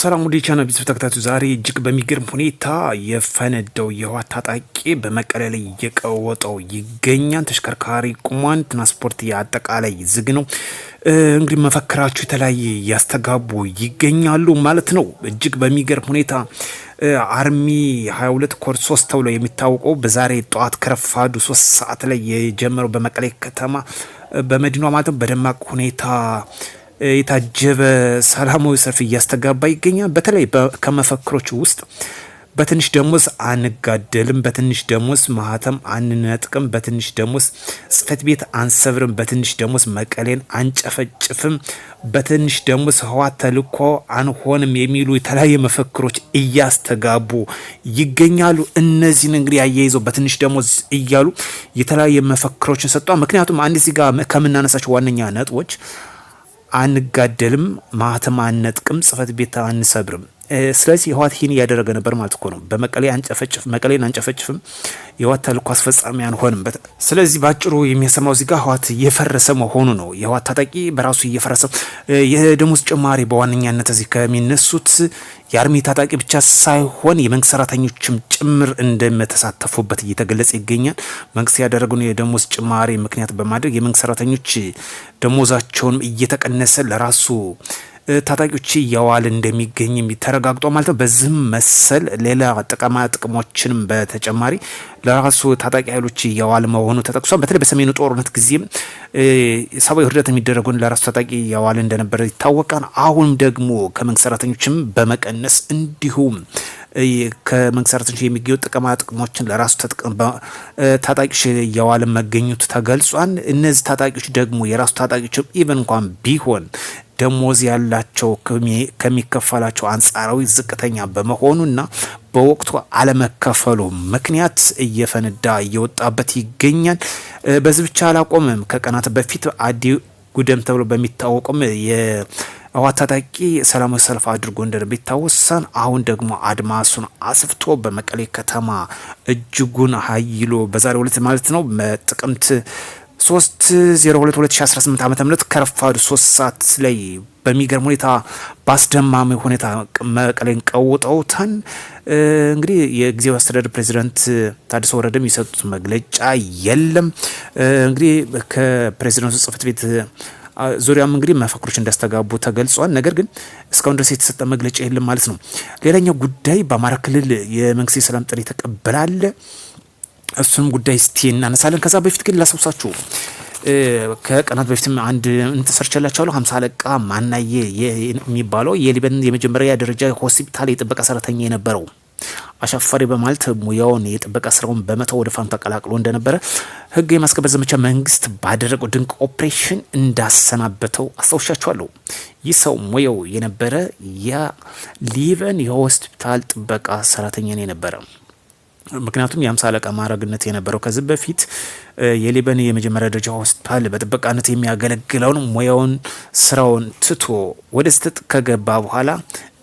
ሰላም ወደ ቻና ቤተሰብ ተከታታዩ ዛሬ እጅግ በሚገርም ሁኔታ የፈነደው የህወሓት ታጣቂ በመቀሌ ላይ እየቀወጠው ይገኛል። ተሽከርካሪ ቁሟን፣ ትራንስፖርት አጠቃላይ ዝግ ነው። እንግዲህ መፈክራችሁ የተለያየ እያስተጋቡ ይገኛሉ ማለት ነው። እጅግ በሚገርም ሁኔታ አርሚ 22 ኮር 3 ተብሎ የሚታወቀው በዛሬ ጠዋት ከረፋዱ 3 ሰዓት ላይ የጀመረው በመቀሌ ከተማ በመዲኗ ማለት ነው በደማቅ ሁኔታ የታጀበ ሰላማዊ ሰልፍ እያስተጋባ ይገኛል። በተለይ ከመፈክሮች ውስጥ በትንሽ ደሞዝ አንጋደልም፣ በትንሽ ደሞዝ ማህተም አንነጥቅም፣ በትንሽ ደሞዝ ጽህፈት ቤት አንሰብርም፣ በትንሽ ደሞዝ መቀሌን አንጨፈጭፍም፣ በትንሽ ደሞዝ ህዋት ተልኮ አንሆንም የሚሉ የተለያየ መፈክሮች እያስተጋቡ ይገኛሉ። እነዚህን እንግዲህ አያይዘው በትንሽ ደሞዝ እያሉ የተለያየ መፈክሮችን ሰጥቷል። ምክንያቱም አንድ እዚህ ጋር ከምናነሳቸው ዋነኛ ነጥቦች አንጋደልም፣ ማህተም አንነጥቅም፣ ጽህፈት ቤት አንሰብርም። ስለዚህ የህወሓት ይህን እያደረገ ነበር ማለት እኮ ነው። በመቀሌ አንጨፈጭፍ መቀሌን አንጨፈጭፍም፣ የህወሓት ተልእኮ አስፈጻሚ አንሆንም። ስለዚህ በአጭሩ የሚያሰማው እዚህ ጋር ህወሓት እየፈረሰ መሆኑ ነው። የህወሓት ታጣቂ በራሱ እየፈረሰ የደሞዝ ጭማሪ በዋነኛነት እዚህ ከሚነሱት የአርሚ ታጣቂ ብቻ ሳይሆን የመንግስት ሰራተኞችም ጭምር እንደተሳተፉበት እየተገለጸ ይገኛል። መንግስት ያደረገውን የደሞዝ ጭማሪ ምክንያት በማድረግ የመንግስት ሰራተኞች ደሞዛቸውንም እየተቀነሰ ለራሱ ታጣቂዎች እየዋል እንደሚገኝ ተረጋግጦ ማለት ነው። በዚህም መሰል ሌላ ጥቅማ ጥቅሞችንም በተጨማሪ ለራሱ ታጣቂ ኃይሎች እየዋል መሆኑ ተጠቅሷል። በተለይ በሰሜኑ ጦርነት ጊዜም ሰብአዊ እርዳታ የሚደረጉን ለራሱ ታጣቂ እየዋል እንደነበረ ይታወቃል። አሁን ደግሞ ከመንግስት ሰራተኞችም በመቀነስ እንዲሁም ከመንግስት ሰራተኞች የሚገኙ ጥቅማ ጥቅሞችን ለራሱ ታጣቂዎች እያዋለ መገኘቱ ተገልጿል። እነዚህ ታጣቂዎች ደግሞ የራሱ ታጣቂዎችም ኢቨን እንኳን ቢሆን ደሞዝ ያላቸው ከሚከፈላቸው አንጻራዊ ዝቅተኛ በመሆኑና በወቅቱ አለመከፈሉ ምክንያት እየፈነዳ እየወጣበት ይገኛል። በዚህ ብቻ አላቆምም። ከቀናት በፊት አዲ ጉደም ተብሎ በሚታወቅም የህወሓት ታጣቂ ሰላማዊ ሰልፍ አድርጎ እንደነበር ቢታወሳን አሁን ደግሞ አድማሱን አስፍቶ በመቀሌ ከተማ እጅጉን ሀይሎ በዛሬው ዕለት ማለት ነው ጥቅምት ሶስት ዜሮ ሁለት ሁለት ሺ አስራ ስምንት ከረፋዱ ሶስት ሰዓት ላይ በሚገርም ሁኔታ በአስደማሚ ሁኔታ መቀሌን ቀውጠውታን። እንግዲህ የጊዜው አስተዳደር ፕሬዚደንት ታደሰ ወረደም የሰጡት መግለጫ የለም። እንግዲህ ከፕሬዚደንቱ ጽህፈት ቤት ዙሪያም እንግዲህ መፈክሮች እንዳስተጋቡ ተገልጿል። ነገር ግን እስካሁን ድረስ የተሰጠ መግለጫ የለም ማለት ነው። ሌላኛው ጉዳይ በአማራ ክልል የመንግስት የሰላም ጥሪ ተቀበላለ እሱንም ጉዳይ ስቲ እናነሳለን። ከዛ በፊት ግን ላሰውሳችሁ ከቀናት በፊትም አንድ እንተሰርችላቸዋለሁ ሀምሳ አለቃ ማናዬ የሚባለው የሊበን የመጀመሪያ ደረጃ ሆስፒታል የጥበቃ ሰራተኛ የነበረው አሻፋሪ በማለት ሙያውን የጥበቃ ስራውን በመተው ወደ ፋኖ ተቀላቅሎ እንደነበረ ህግ የማስከበር ዘመቻ መንግስት ባደረገው ድንቅ ኦፕሬሽን እንዳሰናበተው አስታውሻቸዋለሁ። ይህ ሰው ሙያው የነበረ የሊበን የሆስፒታል ጥበቃ ሰራተኛ የነበረ ምክንያቱም የአምሳ አለቃ ማዕረግነት የነበረው ከዚህ በፊት የሊበን የመጀመሪያ ደረጃ ሆስፒታል በጥበቃነት የሚያገለግለውን ሙያውን ስራውን ትቶ ወደ ስህተት ከገባ በኋላ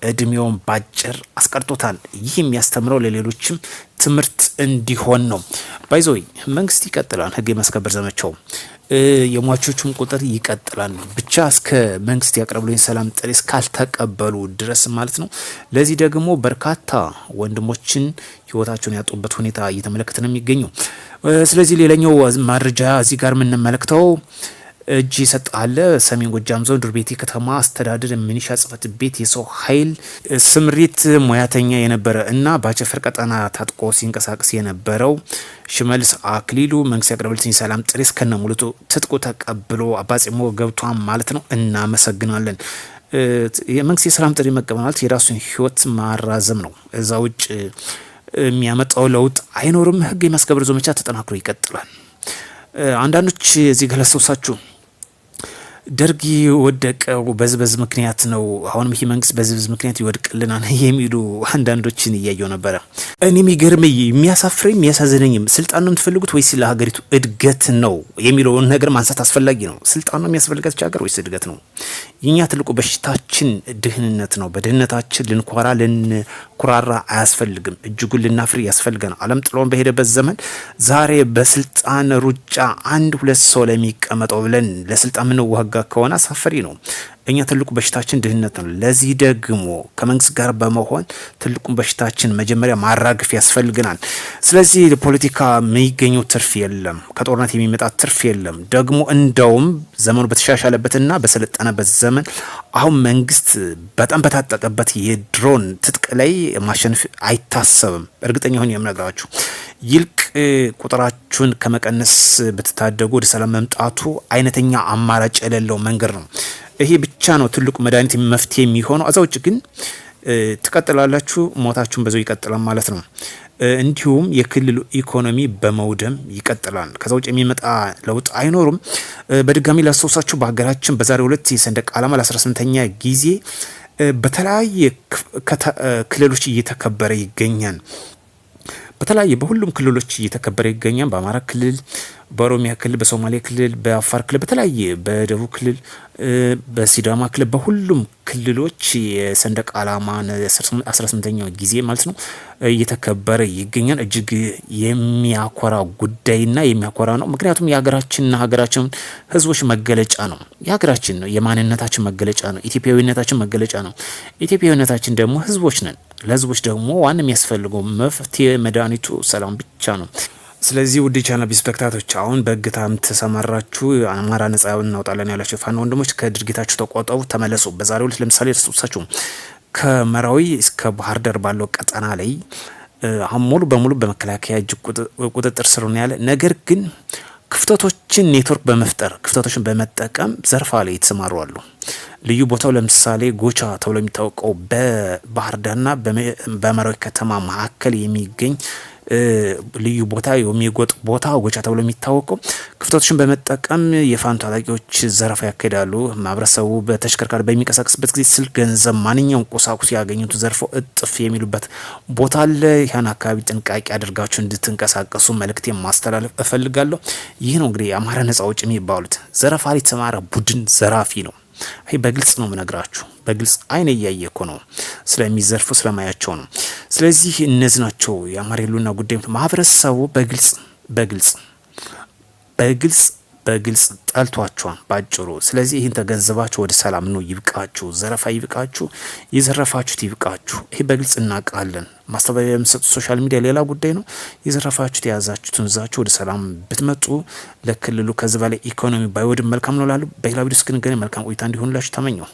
እድሜውን ባጭር አስቀርቶታል። ይህ የሚያስተምረው ለሌሎችም ትምህርት እንዲሆን ነው። ባይዞይ መንግስት ይቀጥላል ህግ የማስከበር ዘመቻው የሟቾቹም ቁጥር ይቀጥላል። ብቻ እስከ መንግስት ያቀረበልኝ ሰላም ጥሪ እስካልተቀበሉ ድረስ ማለት ነው። ለዚህ ደግሞ በርካታ ወንድሞችን ህይወታቸውን ያጡበት ሁኔታ እየተመለከተ ነው የሚገኘው። ስለዚህ ሌላኛው መረጃ እዚህ ጋር የምንመለከተው እጅ ይሰጣለ ሰሜን ጎጃም ዞን ዱርቤቴ ከተማ አስተዳደር ሚኒሻ ጽህፈት ቤት የሰው ኃይል ስምሪት ሙያተኛ የነበረ እና በአጨፈር ቀጠና ታጥቆ ሲንቀሳቀስ የነበረው ሽመልስ አክሊሉ መንግስት ያቀረበልኝ ሰላም ጥሪ እስከነ ሙሉ ትጥቁ ተቀብሎ አባጽሞ ገብቷን ማለት ነው። እናመሰግናለን። የመንግስት የሰላም ጥሪ መቀበል ማለት የራሱን ህይወት ማራዘም ነው። እዛ ውጭ የሚያመጣው ለውጥ አይኖርም። ህግ የማስከበር ዘመቻ ተጠናክሮ ይቀጥላል። አንዳንዶች እዚህ ገለሰውሳችሁ ደርግ የወደቀው በዝበዝ ምክንያት ነው፣ አሁንም ይህ መንግስት በዝበዝ ምክንያት ይወድቅልናል የሚሉ አንዳንዶችን እያየው ነበረ። እኔ የሚገርመኝ የሚያሳፍረኝ የሚያሳዝነኝም ስልጣን ነው የምትፈልጉት ወይስ ለሀገሪቱ እድገት ነው የሚለውን ነገር ማንሳት አስፈላጊ ነው። ስልጣን ነው የሚያስፈልጋት ሀገር ወይስ እድገት ነው የኛ ትልቁ በሽታችን ድህንነት ነው። በድህነታችን ልንኮራ ልንኩራራ አያስፈልግም። እጅጉን ልናፍር ያስፈልገናል። ዓለም ጥሎን በሄደበት ዘመን ዛሬ በስልጣን ሩጫ አንድ ሁለት ሰው ለሚቀመጠው ብለን ለስልጣን ምንዋጋ ከሆነ አሳፈሪ ነው። እኛ ትልቁ በሽታችን ድህነት ነው። ለዚህ ደግሞ ከመንግስት ጋር በመሆን ትልቁን በሽታችን መጀመሪያ ማራገፍ ያስፈልገናል። ስለዚህ ለፖለቲካ የሚገኘው ትርፍ የለም፣ ከጦርነት የሚመጣ ትርፍ የለም። ደግሞ እንደውም ዘመኑ በተሻሻለበትና በሰለጠነበት ዘመን አሁን መንግስት በጣም በታጠቀበት የድሮን ትጥቅ ላይ ማሸነፍ አይታሰብም። እርግጠኛ ሆኜ የምነግራችሁ ይልቅ ቁጥራችሁን ከመቀነስ ብትታደጉ ወደ ሰላም መምጣቱ አይነተኛ አማራጭ የሌለው መንገድ ነው። ይሄ ብቻ ነው ትልቁ መድኃኒት መፍትሄ የሚሆነው። አዛ ውጭ ግን ትቀጥላላችሁ፣ ሞታችሁን በዛው ይቀጥላል ማለት ነው። እንዲሁም የክልሉ ኢኮኖሚ በመውደም ይቀጥላል። ከዛ ውጭ የሚመጣ ለውጥ አይኖሩም። በድጋሚ ላስታውሳችሁ በሀገራችን በዛሬ ሁለት የሰንደቅ ዓላማ ለ18ኛ ጊዜ በተለያየ ክልሎች እየተከበረ ይገኛል። በተለያየ በሁሉም ክልሎች እየተከበረ ይገኛል። በአማራ ክልል በኦሮሚያ ክልል፣ በሶማሌ ክልል፣ በአፋር ክልል፣ በተለያየ በደቡብ ክልል፣ በሲዳማ ክልል፣ በሁሉም ክልሎች የሰንደቅ ዓላማን 18ኛው ጊዜ ማለት ነው እየተከበረ ይገኛል። እጅግ የሚያኮራ ጉዳይና የሚያኮራ ነው። ምክንያቱም የሀገራችንና ሀገራችን ህዝቦች መገለጫ ነው። የሀገራችን ነው፣ የማንነታችን መገለጫ ነው፣ ኢትዮጵያዊነታችን መገለጫ ነው። ኢትዮጵያዊነታችን ደግሞ ህዝቦች ነን። ለህዝቦች ደግሞ ዋን የሚያስፈልገው መፍትሄ መድኃኒቱ ሰላም ብቻ ነው። ስለዚህ ውድ ቻናል ቢስፔክታቶች አሁን በእግታም ተሰማራችሁ አማራ ነጻ እናውጣለን ያላችሁ ፋኖ ወንድሞች ከድርጊታችሁ ተቆጠቡ፣ ተመለሱ። በዛሬው ዕለት ለምሳሌ እርሳችሁ ከመራዊ እስከ ባህር ዳር ባለው ቀጠና ላይ አሁን ሙሉ በሙሉ በመከላከያ እጅ ቁጥጥር ስር ነው ያለ። ነገር ግን ክፍተቶችን ኔትወርክ በመፍጠር ክፍተቶችን በመጠቀም ዘርፋ ላይ የተሰማሩ አሉ። ልዩ ቦታው ለምሳሌ ጎቻ ተብሎ የሚታወቀው በባህር ዳርና በመራዊ ከተማ መካከል የሚገኝ ልዩ ቦታ የሚጎጥ ቦታ ጎጫ ተብሎ የሚታወቀው ክፍተቶችን በመጠቀም የፋኖ ታጣቂዎች ዘረፋ ያካሄዳሉ ማህበረሰቡ በተሽከርካሪ በሚንቀሳቀስበት ጊዜ ስልክ፣ ገንዘብ፣ ማንኛውም ቁሳቁስ ያገኙት ዘርፎ እጥፍ የሚሉበት ቦታ አለ። ያን አካባቢ ጥንቃቄ አድርጋችሁ እንድትንቀሳቀሱ መልክት ማስተላለፍ እፈልጋለሁ። ይህ ነው እንግዲህ የአማራ ነጻ አውጪ የሚባሉት ዘረፋ የተሰማራ ቡድን ዘራፊ ነው። አይ በግልጽ ነው ምነግራችሁ፣ በግልጽ አይን እያየ እኮ ነው ስለሚዘርፉ ስለማያቸው ነው። ስለዚህ እነዚህ ናቸው የአማራ ሕልውና ጉዳይ ማህበረሰቡ በግልጽ በግልጽ በግልጽ በግልጽ ጠልቷቸዋል ባጭሩ። ስለዚህ ይህን ተገንዝባችሁ ወደ ሰላም ነው። ይብቃችሁ፣ ዘረፋ ይብቃችሁ፣ የዘረፋችሁት ይብቃችሁ። ይህ በግልጽ እናውቃለን። ማስተባበያ የምሰጡት ሶሻል ሚዲያ ሌላ ጉዳይ ነው። የዘረፋችሁት የያዛችሁትን ዛችሁ ወደ ሰላም ብትመጡ ለክልሉ ከዚህ በላይ ኢኮኖሚ ባይወድም መልካም ነው ላሉ በሌላ ቪዲዮ እስክንገናኝ መልካም ቆይታ እንዲሆንላችሁ ተመኘው።